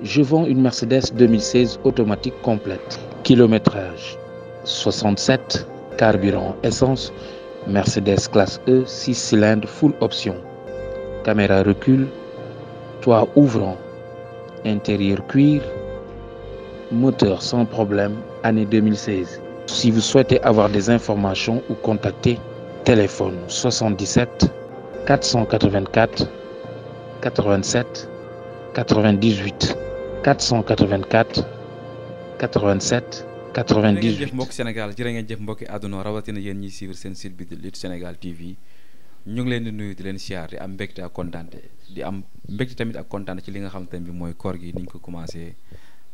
Je vends une Mercedes 2016 automatique complète. Kilométrage 67, carburant essence, Mercedes classe E, 6 cylindres, full option. Caméra recul, toit ouvrant, intérieur cuir, moteur sans problème, année 2016. Si vous souhaitez avoir des informations ou contacter, téléphone 77 484 87 98 484 87 98 ñu ngi leen di nuyu di leen siyaar di am mbégte ak kontaante di am mbégte tamit ak kontaante ci li nga xamante bi mooy koor gi niñ ko commencé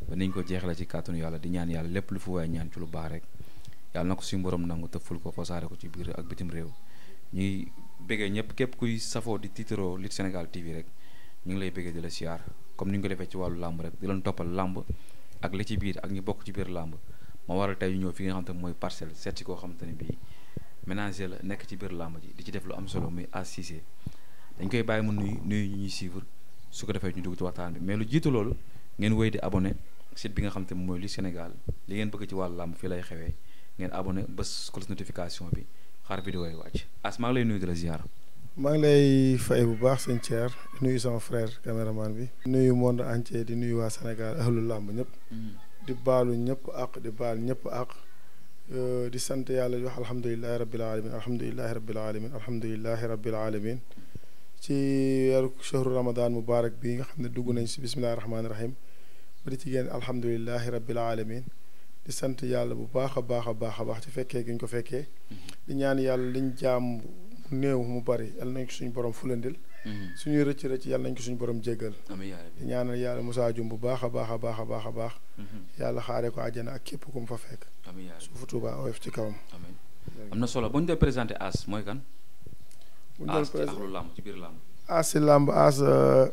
ba niñ ko jeexale ci kàttanu yàlla di ñaan yàlla lépp lu fu waaye ñaan ci lu baax rek yàlla na ko suñu borom nangu te ful ko fosaare ko ci biir ak bitim réew ñuy bëggee ñëpp képp kuy safoo di tiitaroo Lutte Sénégal TV rek ñu ngi lay bëggee di la siyaar comme ni ñu ko defee ci wàllu làmb rek di leen toppal làmb ak li ci biir ak ñu bokk ci biir làmb ma waral tey ñu ñëw fi nga xamante ne mooy parcelle seet koo xamante ne bii ménager la nekk ci biir làmb ji di ci def lu am solo muy Ass Cissé dañ koy bàyyi mu nuyu nuyu ñu ñuy suivre su ko defee ñu dugg ci waxtaan bi mais lu jiitu loolu ngeen wéy di abonné site bi nga xam te ne mooy li Sénégal li ngeen bëgg ci wàllu làmb fii lay xewee ngeen abonné bés cloche notification bi xaar vidéo yi wàcc Ass maa lay nuyu di la ziar. maa ngi lay fay bu baax sëñ Thier nuyu sama frère caméraman bi. nuyu monde entier di nuyu waa Sénégal ahlu làmb ñëpp. Mm-hmm. di baalu ñëpp àq di baal ñëpp àq. Euh, di sant yàlla di wax alhamdulilahi rabbil alamin alhamdulilahi rabbil alamin alhamdulilahi rabbil alamin ci weeru shahru ramadan mubaarak bi nga xam ne dugg nañ si bismillahi rahmaani rahim ba di ci génn alhamdulilahi rabbil alamin di sant yàlla bu baax a baax a baax a baax ci fekkee gi ñu ko fekkee mhm. di ñaan yàlla liñ jaam néew mu bari yàlla nañ ko suñu borom fulandil Mhm. suñuy rëcc rëcc yàlla nañ ko suñu borom jéggal di ñaanal yàlla Moussa Dioum bu baax a baax a baax a baax a baax mhm. yàlla xaaree ko àjjana ak képp ku mu fa fekk suufu Tuuba oyof ci kawam am na solo bu ñu présenté As mooy kan bu ñu ci biir làmb As làmb As euh,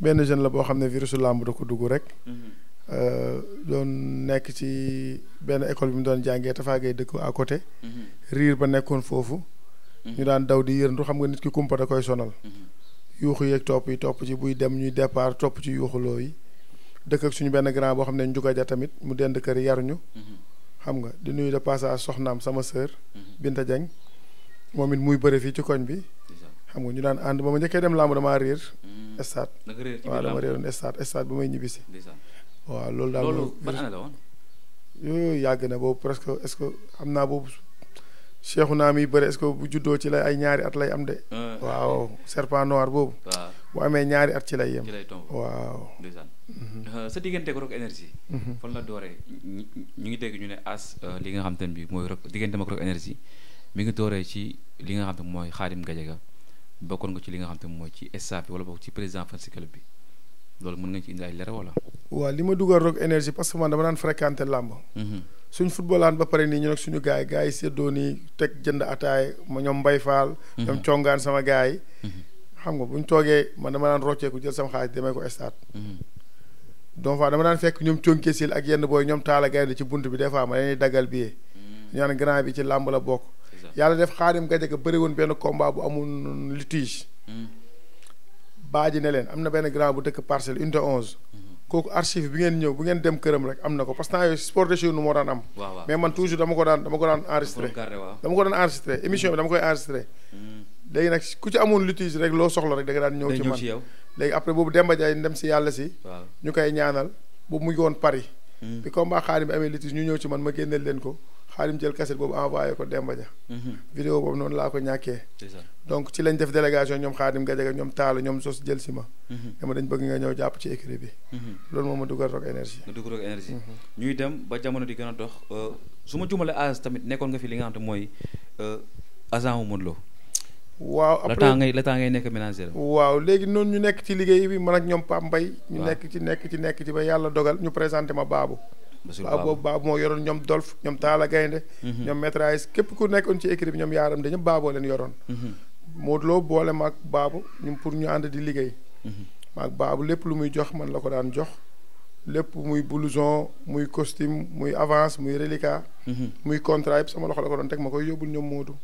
benn jeune la boo xam ne virusu làmb da ko dugg rek mhm. euh, doon nekk ci benn école bi mu doon jàngee tafaagay dëkk à côté riir ba nekkoon foofu ñu daan daw di yërndu xam nga nit ki kumpa koy sonal yuuxu yeeg topp yi topp ci buy dem ñuy départ topp ci yuuxuloo yi dëkk ak suñu benn grand boo xam ne njuga ja tamit mu dend kër yaruñu mm-hmm. xam nga di nuyu de passage soxnaam sama sœur mm-hmm. Binta Diagne moom it muy bëre fii ci koñ bi xam nga ñu daan ànd ba ma njëkkee dem làmb damaa réer mm. stade waaw dama réeroon stade stade ba may ñibbisi waaw loolu daal yooyu yàgg na boobu presque est-ce que xam naa boobu cheikhu naa mi bëre est-ce que bu juddoo ci la ay ñaari at lay am de. Ah, ah. waaw serpent noir boobu. Ah. bu amee ñaari at ci lay yem. ci lay tomb waaw. Mhm. sa diggante Rock Énergie. Mhm. fan la dooree ñu ngi dégg ñu ne as li nga xam te bii mooy Rock diggante mag Rock Énergie mi ngi dooree ci li nga xam te mooy Xaadim Gadiaga bokkoon nga ci li nga xam te mooy ci staff bi wala boog ci président fan club bi loolu mën nga ci indi ay leer wala. waaw li ma dugal Rock Énergie parce que man dama daan fréquenter làmb. Mhm. suñ footballaan ba pare nii ñu nag suñu gars yi gars yi séddoo nii teg jënd ataay ma ñoom Mbay Faal mhm. ñoom congaan sama gars yi mhm. xam nga bu ñu toogee man dama daan rocceeku jël sama xaalis demee ko stade mhm. donc fa dama daan fekk ñoom conke sil ak yenn booy ñoom taala gaynde ci bunt bi des fois ma leen daggal billet ñu naan grand bi ci làmb la bokk yàlla def xaadim gajaka bëri woon benn combat bu amul litige baaji ne leen am na benn grand bu dëkk parcelle unité onze kooku archive bi ngeen ñëw bu ngeen dem këram rek am na ko parce que temps yooyu sport de chez nous moo daan am mais man toujours dama ko daan dama ko daan enregistré dama ko daan enregistré émission bi dama koy enregistré hmm. léegi nag ku ci amoon litige rek loo soxla rek da daan ñëw ci man léegi après boobu Demba Jaay dem si yàlla si ñu koy ñaanal boobu mu ngi woon Paris hmm. bi combat xaarim bi amee litige ñu ñëw ci man ma génneel leen ko xaalim jël cassette boobu envoyé ko Demba Dia. Mhm. boobu noonu laa ko ñàkkee. donc ci lañ def délégation ñoom xaadim Gajaga ñoom Talla ñoom sos jël si ma. Mhm. dama dañ bëgg nga ñëw jàpp ci écrit bi. Mhm. loolu moom ma dugal rock énergie. ma dugal rock énergie. ñuy dem ba jamono di gën a dox euh, su ma jumalee as tamit nekkoon nga fi li nga xam te mooy euh, agent wu Modou Lo. waaw après le temps ngay le nekk ménager waaw léegi noonu ñu nekk ci liggéey bi mën ak ñoom Pape mbay ñu nekk ci nekk ci nekk ci ba yàlla dogal ñu présenté ma Babou. baa boobu baabu moo yoroon ñoom dolf ñoom taala gaynde mhm. ñoom maîtrise képp ku nekkoon ci équipe bi ñoom yaaram de ñëpp baaboo leen yoroon mhm. Modou Lo boole maag baabu ñu pour ñu ànd di liggéey mhm. maag baabu lépp lu muy jox man la ko daan jox lépp muy blouson muy costume muy avance muy reliquat muy contrat yëpp sama loxo la ko doon teg ma koy yóbbul ñoom Modou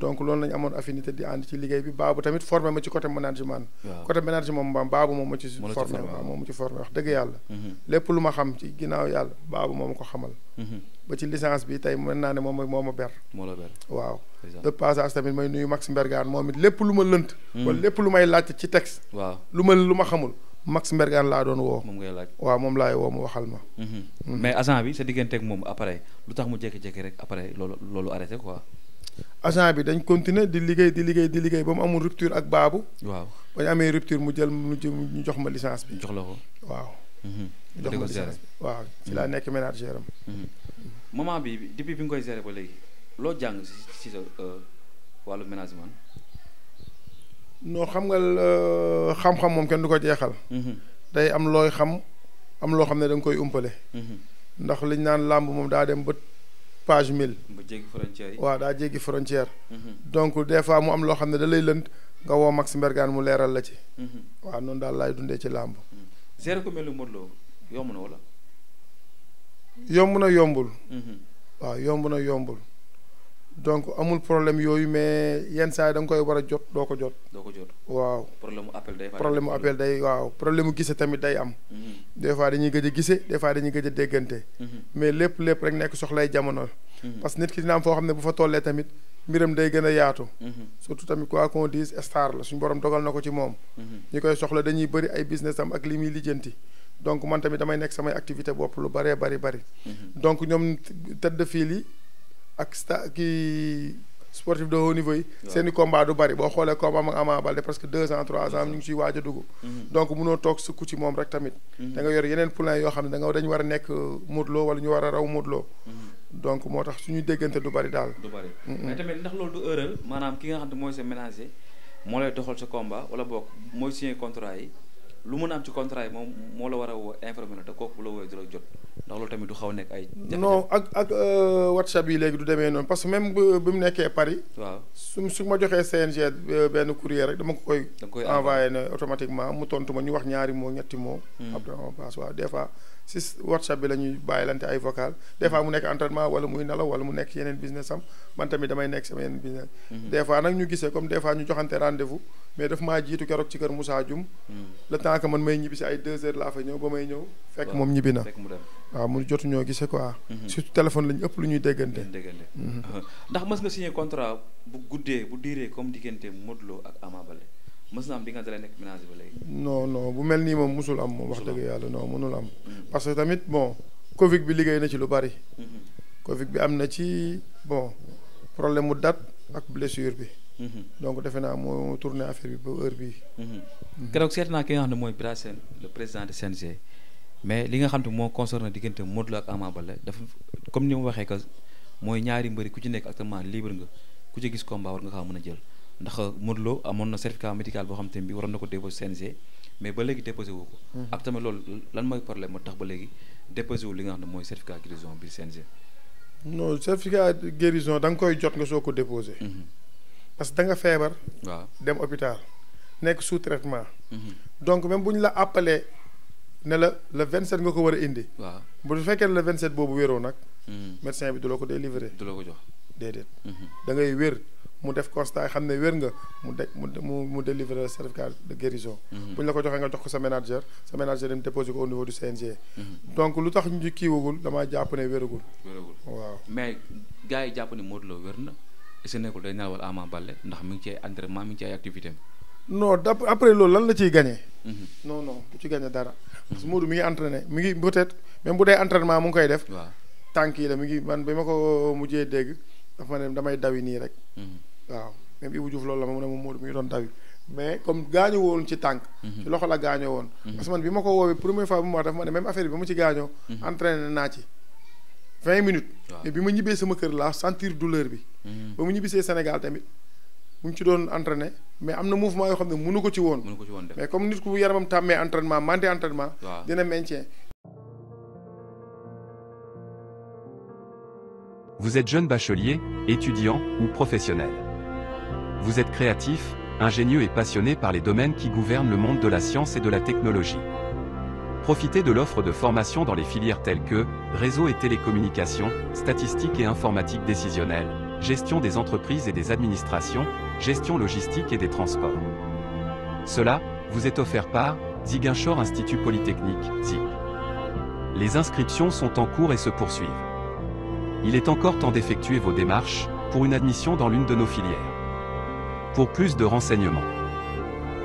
donc loolu lañu amoon affinité di ànd ci liggéey bi baabu tamit formé ma ci côté management. côté management moom baabu moom ma ci. formé waaw mm-hmm. lépp lu ma xam ci ginnaaw yàlla baabu moom ko xamal. Mm-hmm. ba ci licence bi tey mën naa ne moom moo ma ber. moo waaw. de passage tamit may Max Mbergane moom it lépp lu ma lënt. Mm-hmm. lépp lu may laajte ci texte. waaw lu ma lu ma xamul. Max Mbergane laa doon woo. moom ngay laaj waaw moom laay woo mu waxal ma. mais agent bi sa digganteeg moom après lu tax mu jékki-jékki rek après loolu loolu arrêté quoi. agent bi dañ continuer di liggéey di liggéey di liggéey ba mu amul rupture ak baabu. waaw ba ñu amee rupture mu jël mu ñu jox ma licence jox la ko waaw. mu mhm. jox ma licence bi waaw ci laa mhm. nekk ménagère am. Mhm. moment bi depuis bi nga koy gérer ba léegi loo jàng si si sa euh, wàllu ménagement. non xam nga euh, xam-xam moom kenn du ko jeexal. day am looy xam am loo xam ne da koy umpale. ndax liñ naan làmb moom daa dem bët. page mille. nga jéggi frontière yi waaw daa jéggi frontière. Mm-hmm. donc des fois mu am loo xam ne da lay lënt nga woo Max Mbergane mu leeral la ci. Mm-hmm. waaw noonu daal laay dundee ci làmb. gérer mm-hmm. ko mel ni Modou yomb na yombul. waaw yomb na yombul. donc amul problème yooyu mais yenn saa yi da nga koy war a jot doo ko jot. doo ko jot waaw. problème mu appel day. day waaw problème mu gise tamit day am. Mm-hmm. des fois dañuy gëj a gise des fois dañuy gëj a déggante. Mm-hmm. mais lépp lépp rek nekk soxlay jamono. Mm-hmm. parce que nit ki dina am foo xam ne bu fa tollee tamit mbiram day gën a yaatu. surtout tamit ku qu'on dise star la suñu borom dogal na ko ci moom. ñi koy soxla dañuy bëri ay business am ak li muy lijjanti. donc man tamit damay nekk samay activité bopp lu bëree bari bari. donc ñoom tëdd fii lii. ak sta kii sportif de haut niveau yi. seen i combat du bari boo xoolee combat am ak Ama Baldé presque deux ans trois ans ñu ngi ciy waaj a dugg. Mhm. donc munoo toog sukku ci moom rek tamit. Mhm. da nga yor yeneen poulain yoo xam ne da nga dañu war a nekk Modou Lo ñu war a raw Modou mhm. donc moo tax suñu déggante du bari daal. du bari mais tamit ndax loolu du erreur maanaam ki nga xam ne mooy sa ménager moo lay doxal sa combat wala bokk mooy signé contrat yi. lu mën a am ci contrat yi moom moo la war a woo informé la te kooku bu la wooyee du la jot ndax loolu tamit du xaw nekk ay. non ak ak euh, WhatsApp yi léegi du demee noonu parce que même bi mu nekkee Paris. waaw su su ma joxee CNG euh, benn courrier rek dama ko koy. da koy envoyé ne automatiquement mu tontu ma ñu wax ñaari moo ñetti moo. Hmm. après on passe waaw des fois. si WhatsApp bi la ñuy bàyyilante ay vocal des fois mu nekk entraînement wala muy nelaw wala mu nekk yeneen business am man tamit damay nekk sama yeneen business. Mm-hmm. des fois nag ñu gise comme des fois ñu joxante rendez-vous mais daf maa jiitu keroog ci kër Moussa Dioum. Mm-hmm. le man may ñibbi si ay deux heures laa fa ñëw ba may ñëw. fekk moom ñibbi na waaw mu jotu ñoo gisee quoi. Mm-hmm. surtout téléphone lañu ëpp lu ñuy déggante. ndax mës nga signé contrat bu guddee bu diiree comme diggante Modou Lo ak Ama Baldé mës na am bi nga dalee nekk ménage ba léegi. non non bu mel nii moom mosul am moom wax dëgg yàlla non mënul am. Mm-hmm. parce que tamit bon Covid bi liggéey na ci lu bari. Mm-hmm. Covid bi am na ci bon problème mu date ak blessure bi. Mm-hmm. donc defe naa moo tourné affaire bi ba heure bii. keroog seet naa ki nga xam ne mooy Bira Sène le président de CNG mais li nga xam te moo concerné diggante Modou Lo ak Ama Baldé dafa comme ni mu waxee ka mooy ñaari mbëri ku ci nekk actuellement libre nga ku ci gis combat war nga xaa a jël. ndax Modou Lo amoon na certificat médical boo xam te bi waroon na ko déposé CNG mais ba léegi déposé wu ko. Mhm. ak tamit loolu lan mooy problème moo tax ba léegi déposé wu li nga xam ne mooy certificat guérison bi CNG. non certificat guérison da nga koy jot nga soo ko déposé. Mhm. parce que da nga feebar. waaw dem hôpital nekk sous traitement. Mhm. donc même bu ñu la appelé ne la le 27 nga ko war a indi. waaw bu fekkee ne le 27 boobu wéroo nag. médecin bi du la ko délivrer. du la ko jox déedéet. da ngay wér. mu def constat xam ne wér nga mu de mu mu délivrer certificat de guérison. Mhm. bu ñu la ko joxee nga jox ko sa manager sa manager dem déposé ko au du CNG. Mhm. donc lu tax ñu kiiwagul damaa jàpp ne wéragul. wéragul waaw mais gars yi jàpp ne Modou Lo wér na si nekkul day wal Ama bale ndax mi ngi ci ay entraînement mi ngi ci ay activité non d' après loolu lan la ciy gagné. Mhm. non non du ci gagné dara. parce que Modou mi ngi entraîné mi ngi peut-être même bu dee entraînement mu ngi koy def. waaw tànk yi la mi ngi man bi ma ko mujjee dégg dafa ma ne damay nii rek. waaw même Ibou Diouf loolu la ma mu ne moom Modou mi ngi doon daw mais comme gaañu woon ci tànk mhm. ci loxo la gaañoo woon mhm. parce que man bi ma ko woowee première fois bu ma wax ma ne même affaire bi ba ci gaañoo mhm. entraîné naa ci vingt minutes mais bi ma ñibbee sama kër laa sentir douleur bi ba mu ñibbisee Sénégal tamit mu ngi ci doon entraîné mais am na mouvement yoo xam ne mënu ko ci woon mais comme nit ku yaramam tàmmee entraînement manté entraînement dina maintien Vous êtes jeune bachelier, étudiant ou professionnel vous êtes créatif, ingénieux et passionné par les domaines qui gouvernent le monde de la science et de la technologie. Profitez de l'offre de formation dans les filières telles que réseau et télécommunications, statistiques et informatique décisionnelle, gestion des entreprises et des administrations, gestion logistique et des transports. Cela vous est offert par Ziguinchor Institut Polytechnique, ZIP. Les inscriptions sont en cours et se poursuivent. Il est encore temps d'effectuer vos démarches pour une admission dans l'une de nos filières. Pour plus de renseignements,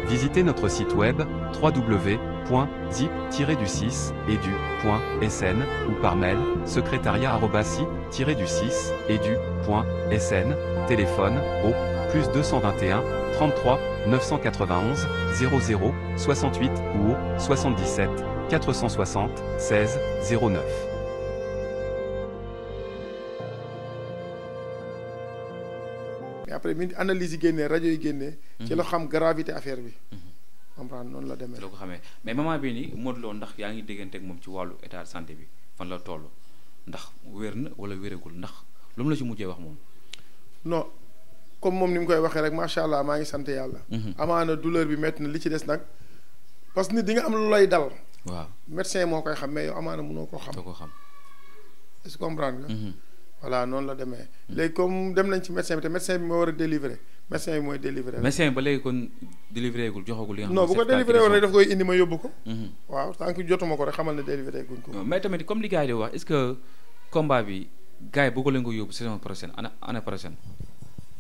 visitez notre site web www.zip-du6edu.sn ou par mail secrétariat-du6edu.sn, téléphone au plus 221 33 991 00 68 ou 77 460 16 09. après mi analyse yi génne rajo yi génne mhm. ci la xam gravité affaire bi. Mhm. comprendre noonu la demee. loo ko xamee mais maman bi ni Modou Lo ndax yaa ngi déggante ak moom ci wàllu état de santé bi fan la toll ndax wér na wala wéragul ndax lu mu la ci mujjee wax moom. no comme moom ni mu koy waxee rek macha allah maa ngi sant yàlla. Mhm. amaana douleur bi métti na li ci des nag parce que nit di nga am lu lay dal. waaw médecin moo koy xam mais yow amaana mënoo koo xam. doo ko xam est-ce voilà non la demee léegi comme dem nañ ci médecin bi te médecin bi moo war a délivrer médecin bi mooy délivrer. médecin bi ba léegi kon délivré gul joxagul li nga non bu ko délivré woon rek daf koy indi ma yóbbu ko. Mhm. waaw tant que jotuma ko rek xamal ne délivré guñ ko. mais tamit comme li gars yi di wax est-ce que combat bi gars yi bëgg leen ko saison prochaine année année prochaine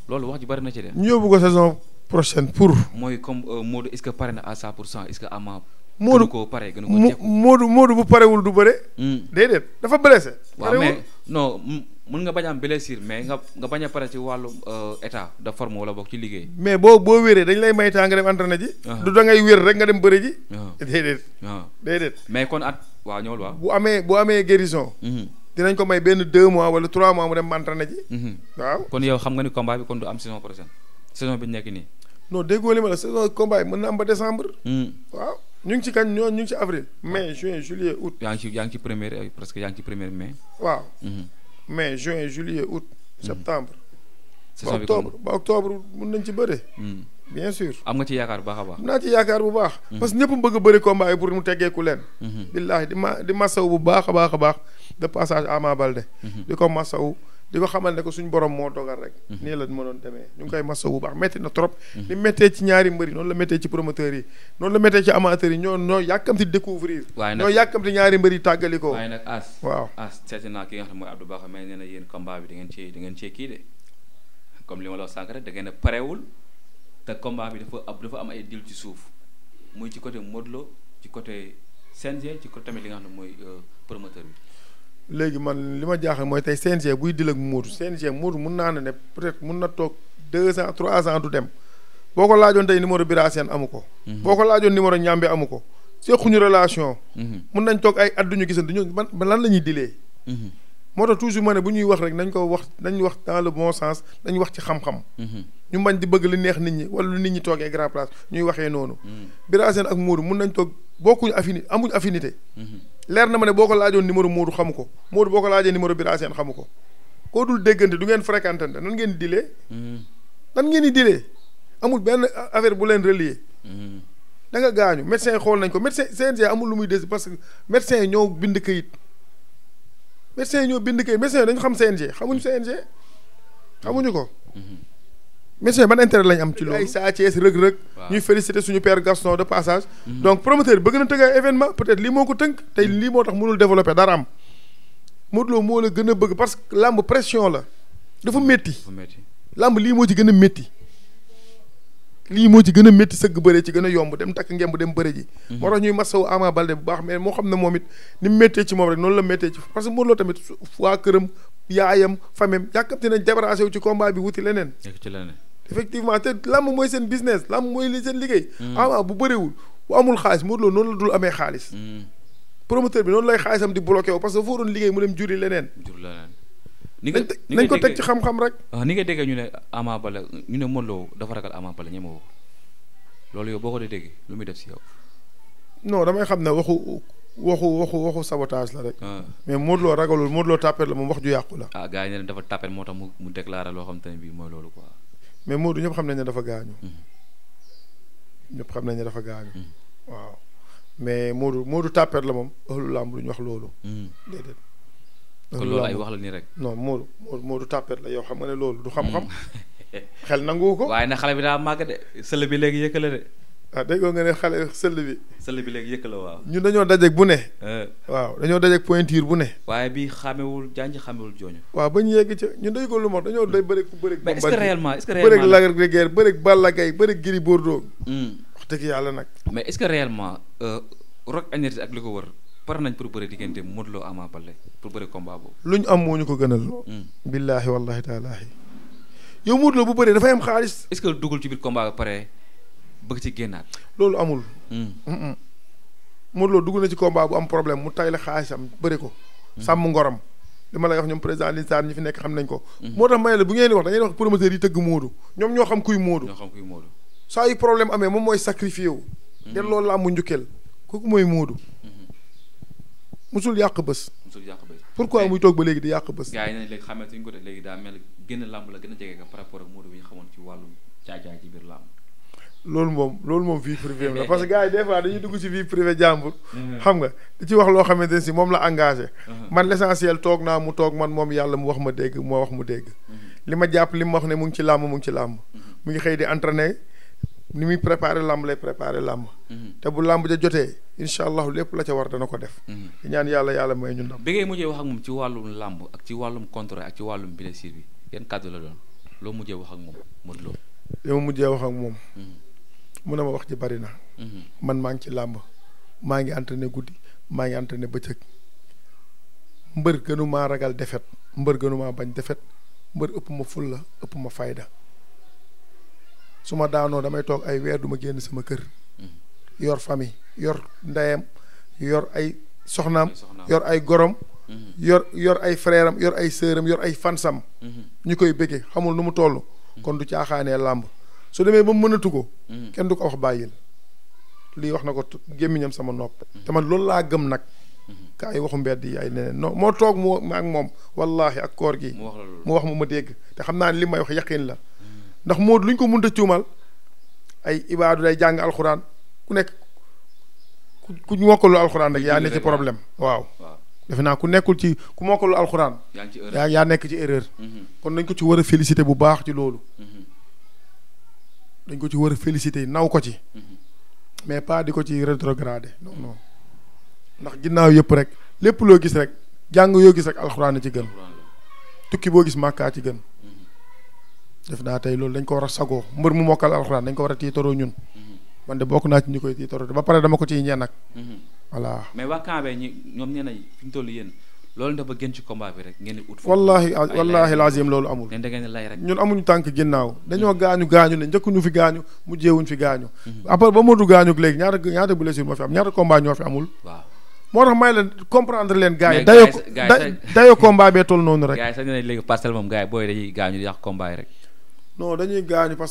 loolu wax ji bari na ci de. ñu yóbbu ko saison prochaine pour. mooy comme euh, mode est-ce que pare na à 100 est-ce que Ama Moodu ko pare gën a ko Moodu Moodu bu parewul du bëre. Mm. déedéet dafa blessé. waaw mais non mun nga bañ a am blessure mais nga nga a pare ci wàllu euh, état de forme wala boog ci liggéey. mais boo boo wéree dañ lay may temps nga dem entraîné ji. Ah. du da wér rek nga dem bëre ji. Ah. déedéet. Ah. déedéet. mais kon at waaw ñëwul waaw. bu amee bu amee guérison. Mm-hmm. dinañ ko may benn deux mois wala trois mois mu dem entraîné ji. Mm-hmm. waaw kon yow xam nga ni combat bi kon du am saison prochaine saison bi nekk nii. non ba décembre. Mm. waaw. ñu ngi ci kañ ñoo ñu ngi ci avril mai juin juillet août. yaa ngi ci yaa ngi ci première euh, presque yaa ngi ci mai. waaw. Mhm. mai juin juillet août. Mhm. septembre. ba octobre octobre mun nañ ci bëre. Mhm. bien sûr am nga ci yaakaar bu baax a baax. naa ci yaakaar bu baax. parce que ñëpp bëgg bëri combat yi pour mu teggeeku leen. billaahi di ma di masawu bu baax a baax a baax de passage Ama Baldé. di ko masawu. di ko xamal ne ko suñ borom moo dogal rek mhm. nii la mënoon demee ñu ngi koy massa bu baax métti na trop mhm. ni méttee ci ñaari mbëri noonu la méttee ci promoteurs yi noonu la méttee ci amateurs yi ñoo ñoo yàkkamti découvrir ñoo yàkkamti ñaari mbëri tàggalikoo waaye nag as waaw as seeti naa ki nga xam ne mooy Abdou Bakha mais ne na yéen combat bi da ngeen ci comme li ma la da ngeen a parewul te combat bi dafa ab dafa am ay dil ci suuf muy ci côté Modou Lo ci côté CNG ci côté tamit li nga xam ne mooy euh, promoteur bi léegi man li ma jaaxal mooy tey CNG buy dil ak Modou CNG Modou mun naa ne ne peut-être mun na toog deux ans trois ans du dem boo ko laajoon tey numéro Bira Sène amu ko. Mhm. boo ko laajoon numéro bi amu ko. ñu relation. Mhm. mun nañ toog ay at duñu gisante ñu man lan la ñuy dilee. Mhm. moo tax toujours ma ne bu ñuy wax rek nañ ko wax nañ wax dans le bon sens nañ wax ci xam-xam. ñu mbañ di bëgg li neex nit ñi wala lu nit ñi toogee grand place ñuy waxee noonu. Bira Sène ak Modou mun nañ toog bokkuñu affinité amuñu affinité. leer na ma ne boo ko laajoon numéro Modou xamu ko Modou boo ko laajee numéro Bira Sène xamu ko koo dul déggante du ngeen fréquentante nan ngeen di dilee nan ngeen di dilee amul benn affaire bu leen relier da nga gaañu médecin yi xool nañ ko médecin CNG amul lu muy des parce que médecin yi ñoo bind kayit médecin yi ñoo bind kayit médecin yi dañu xam CNG xamuñu CNG xamuñu ko mais ban intérêt lañ am ci loolu ay Sa Thiès Reug Reug ñuy féliciter suñu père Gaston de passage mhm. donc promoteur bëgg na tëgg ay événement peut-être lii moo ko tënk tey mhm. lii moo tax mënul développer dara am Modou Lo moo la gën a bëgg parce que làmb pression la dafa métti làmb lii moo ci gën a métti lii moo ci gën a métti sëgg bëre ci gën a yomb dem takk ngemb dem bëre ji mhm. moo tax ñuy massawu Ama Baldé bu baax mais moo xam ne moom it ni mu méttee ci moom rek noonu la méttee ci parce que Modou Lo tamit waa këram yaayam famem yàkkamti nañ débarrassé wu ci combat bi wuti leneen effectivement te làmb mooy seen business làmb mooy li seen liggéey. ama bu bëriwul bu amul xaalis Modou Lo noonu la dul amee xaalis. promoteur bi noonu lay xaalisam di bloqué parce que foo doon liggéey mu dem juri leneen. jur leneen. ni nga nañ ko teg ci xam-xam rek. ni nga déggee ñu ne Ama Baldé ñu ne Modou Lo dafa ragal Ama Baldé ñeme wax loolu yow boo ko dee déggee lu muy def si yow. non damay xam ne waxu waxu waxu waxu sabotage la rek. mais Modou Lo ragalul Modou Lo tàppet la moom wax ju yàqu la. ah gars yi ne dafa tàppet moo tax mu mu déclaré loo xam tane bi bii mooy loolu quoi. mais Modou ñëpp xam nañ ne dafa gaañu. Mm-hmm. ñëpp xam nañ ne dafa gaañu. Mm-hmm. waaw mais Modou Modou tàppeet la moom ëllu làmb lu ñu wax loolu. Mm-hmm. déedéet. loolu ay wax la nii rek. non Modou Modou Modou la yow xam nga ne loolu du xam-xam. xel nanguwu ko. waaye na xale bi daa màgg de sële bi léegi yëkkale de. ah déggoo nga ne xale sëll bi. sëll bi léegi yëkk la waaw. ñu dañoo dajeeg bu ne. Eh. waaw dañoo dajeeg pointure bu ne. waaye bi xamewul janj xamewul jooñu. waaw ba ñu yegg ca ñun dañu ko lu mot dañoo day bëri ku bëri. mais est-ce que réellement est-ce que réellement bëri Lac de Bordeaux. Hmm. wax dëgg yàlla nag. mais est-ce que euh, Rock Énergie ak li ko wër pare nañ pour bëri diggante Modou Lo Ama Baldé pour bëri combat boobu. lu ñu am moo ñu ko gënal. Hmm. billaahi wallaahi taalaahi yow Modou Lo bu bëree dafay am xaalis. ci biir combat ba bëgg ci génnaat. loolu amul. Hmm. Modou Lo dugg na ci combat bu am problème mu tay tayle xaalisam bëri ko. Hmm. sàmm ngorom li ma lay wax ñoom président Lins Sarr ñi fi nekk xam nañ ko. Hmm. moo tax may la bu ngeen di wax da ngeen wax promoteurs yi tëgg Moodu ñoom ñoo xam kuy Moodu. ñoo xam kuy Moodu. saa problème amee moom mooy sacrifié wu. ngeen loolu la am mu njukkeel kooku mooy Moodu. musul yàq bés. musul yàq bés. pourquoi muy toog ba léegi di yàq bés. gars yi nañ léegi ñu ko de léegi daa mel génn la gën a jege bi ñu xamoon ci wàllu caacaay ci biir loolu moom loolu moom vie privée la parce que gars yi des fois dañuy dugg ci vie privée jàmbur. Mhm. xam nga di ci wax loo xamante ne si moom la engagé. Mhm. man l'essentiel toog naa mu toog man moom yàlla mu wax ma dégg moo wax mu dégg. Mhm. li ma jàpp li ma wax ne mu ngi ci làmb mu ngi ci làmb. mu ngi xëy di entraîné ni muy préparé làmb lay préparé làmb. te bu làmb ja jotee incha allah lépp la ca war dana ko def. ñaan yàlla yàlla may ñu bi ngay mujjee wax ak moom ci wàllum làmb ak ci wàllum contrat ak ci wàllum blessure bi yan kàddu la doon loo mujjee wax ak moom Modou loo li ma mujjee wax ak moom. mu ne ma wax ji bari na. Mhm. man maa ngi ci làmb maa ngi entraîné guddi maa ngi entraîné bëccëg mbër gënu maa ragal defet mbër gënu maa bañ defet mbër ëpp ma la ëpp ma fayda su ma daanoo damay toog ay weer duma génn sama kër. Mhm. yor famille yor ndeyam yor ay soxnaam yor ay gorom. Mhm. yor yor ay frère yor ay sœur yor ay fansam. ñu koy hamul xamul nu mu toll. kon du caaxaanee làmb. su demee ba mu mënatu ko. Mm. kenn du ko wax bàyyil lii wax na ko gémmiñam sama nopp. te man loolu laa gëm nag. ka mm-hmm. ay waxu mbedd yi ay neneen non moo toog mu ak moom wallaahi ak koor gi. mu wax mu ma dégg te xam naa ne li may wax yaqin la. Mm-hmm. ndax moo luñ ko mënta cuumal ay ibaadu day jàng alxuraan ku nekk ku mokkalu alxuraan rek yaa ne ci problème waaw. defe naa ku nekkul ci ku mokkalu alxuraan. yaa yaa nekk ci erreur. Mm-hmm. kon nañ ko ci war a féliciter bu baax ci loolu. dañ ko ci war a yi naw ko ci mhm. mais pas di ko ci rétrogradé non non ndax ginnaaw yëpp rek lépp loo gis rek jàng yoo gis rek alxuraan ci gën tukki boo gis màkkaa ci gën mhm. def naa tey loolu dañ ko war a sagoo mbër mu mokkal alxuraan dañ ko war a tiitaroo ñun mhm. man bokk naa ci ñu koy tiitaroo ba pare dama ko ci ñeen nag voilà mais waa ñi ñoom nee nañ fi yéen loolu dafa gën ci combat bi rek ngeen di ut. wallaahi wallaahi lazim loolu amul. da ngeen lay rek ñun amuñu tànk ginnaaw. Mm-hmm. dañoo gaañu gaañu ne njëkkuñu fi gaañu mujjeewuñ fi gaañu. Mm-hmm. après ba Modou gaañu léegi ñaata ñaata blessure leen comprendre leen. gars yi moom gars yi booy dañuy gaañu di yàq combat yi rek.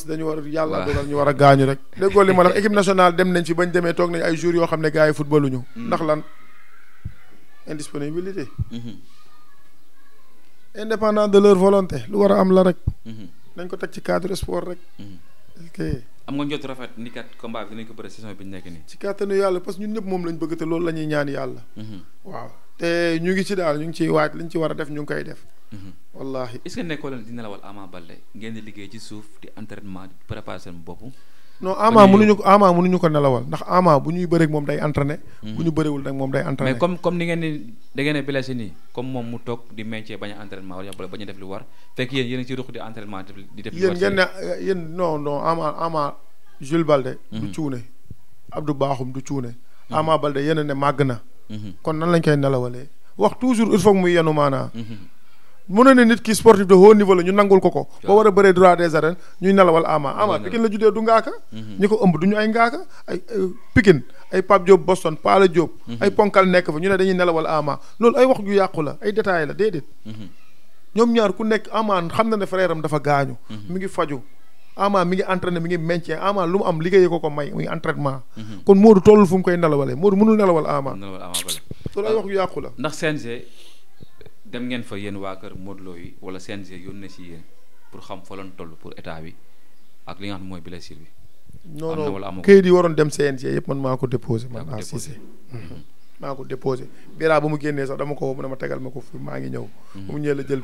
dañu war yàlla dogal war a gaañu rek. déggoo li ma la équipe nationale dem nañ fi bañ demee toog nañ ay jours yoo xam ne gars yi footballuñu mm. ndax lan indisponibilité. Mhm. indépendant de leur volonté lu war a am la rek. Mhm. nañ ko teg ci cadre sport rek. ok. Mhm. am nga njot rafet ni kat combat bi ko bëre saison bi ñu nekk nii. ci kàttanu yàlla parce que ñun ñëpp moom lañ bëgg te loolu la ñuy ñaan yàlla. waaw te ñu ngi ci daal ñu ngi ciy waaj ñu ci war a def ñu ngi koy def. wallaahi. est-ce que nekkoo leen di nelawal Ama Baldé ngeen di liggéey ci suuf di entraînement di préparer seen bopp. non ama mënuñu ko ama mënuñu ko nelawal ndax ama bu ñuy bëreeg moom day entraîné. Mhm. bu ñu bëreewul nag moom day entraîné. mais comme comme ni ngeen ni da ngeen a blessé nii comme moom mu toog di métier bañ a entraînement wala bañ a def lu war fekk yéen yéen a lu war ne yéen eh, du mhm. cuune Abdou Bakhoum du mhm. màgg na. kon nan lañ koy nelawalee wax toujours il faut muy yenu maanaa mu ne nit ki sportif de haut niveau la ñu nangul ko ko boo war a bëree droit des arènes ñuy nelawal ama ama Pikine la juddee du ngaaka mhm. ñi ko ëmb du ñu ay ngaaka ay Pikine ay Pape Diop Boston Paala Diop mhm. ay ponkal nekk fa ñu ne dañuy nelawal ama loolu ay wax ju yàqu la ay détails la déedéet mhm. ñoom ñaar ku nekk ama xam na ne frère am dafa gaañu mi ngi faju ama mi ngi entraîné mi ngi maintien am liggéeyee ko ko may muy entraînement kon Modou tollul fu mu koy nelawalee Modou mënul nelawal ama loolu ay wax ju yàqu la ndax CNG dem ngeen fa yéen waa kër Modou Lo yi wala yoon na si yéen pour xam fa toll pour état bi ak li nga xam mooy blessure bi. non non kayit yi waroon dem CNG yëpp man maa ko déposé. man maa Cissé maa ko déposé. Bira ba mu génnee sax dama ko woo mu ne ma tegal ma ko fi maa ngi ñëw. ba mm-hmm. mu ñëwee la jël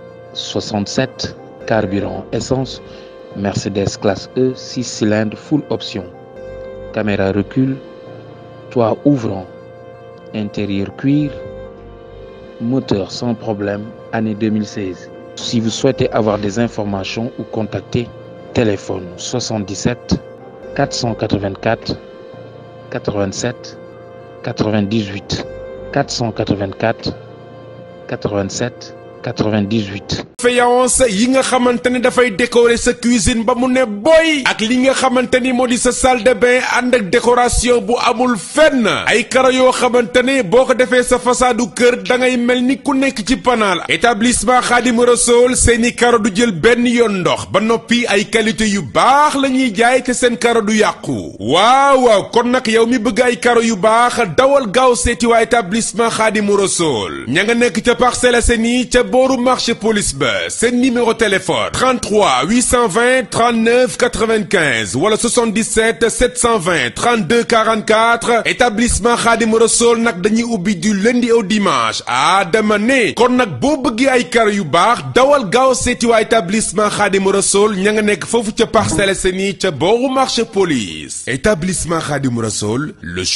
67, carburant essence, Mercedes classe E, 6 cylindres, full option. Caméra recul, toit ouvrant, intérieur cuir, moteur sans problème, année 2016. Si vous souhaitez avoir des informations ou contacter, téléphone 77 484 87 98 484 87 98. faïence yi nga xamante ni dafay décorer sa cuisine ba boy ak li nga xamante ni sa salle de bain and ak décoration bu amul fenn ay karo yoo xamante ni boo sa façade kër da ngay mel ni ku nekk ci panaal établissement Khadim Rassoul seeni karo du jël ben yoon Banopi ba noppi ay qualité yu baax la jaay te karo du yàqu waaw waaw kon mi yu dawal établissement Khadim Rassoul nga nekk Boru marché police ba C'est numéro téléphone 33 820 39 95 wala 77 720 32 44 établissement Khadim Rassoul nag dañuy ubbi du lundi au dimanche À dama Quand kon nag boo bëggee ay yu dawal gaaw seeti waa établissement Khadim Rassoul ña nga nekk foofu ca Parcelles Assainies marché police établissement Khadim Rassoul le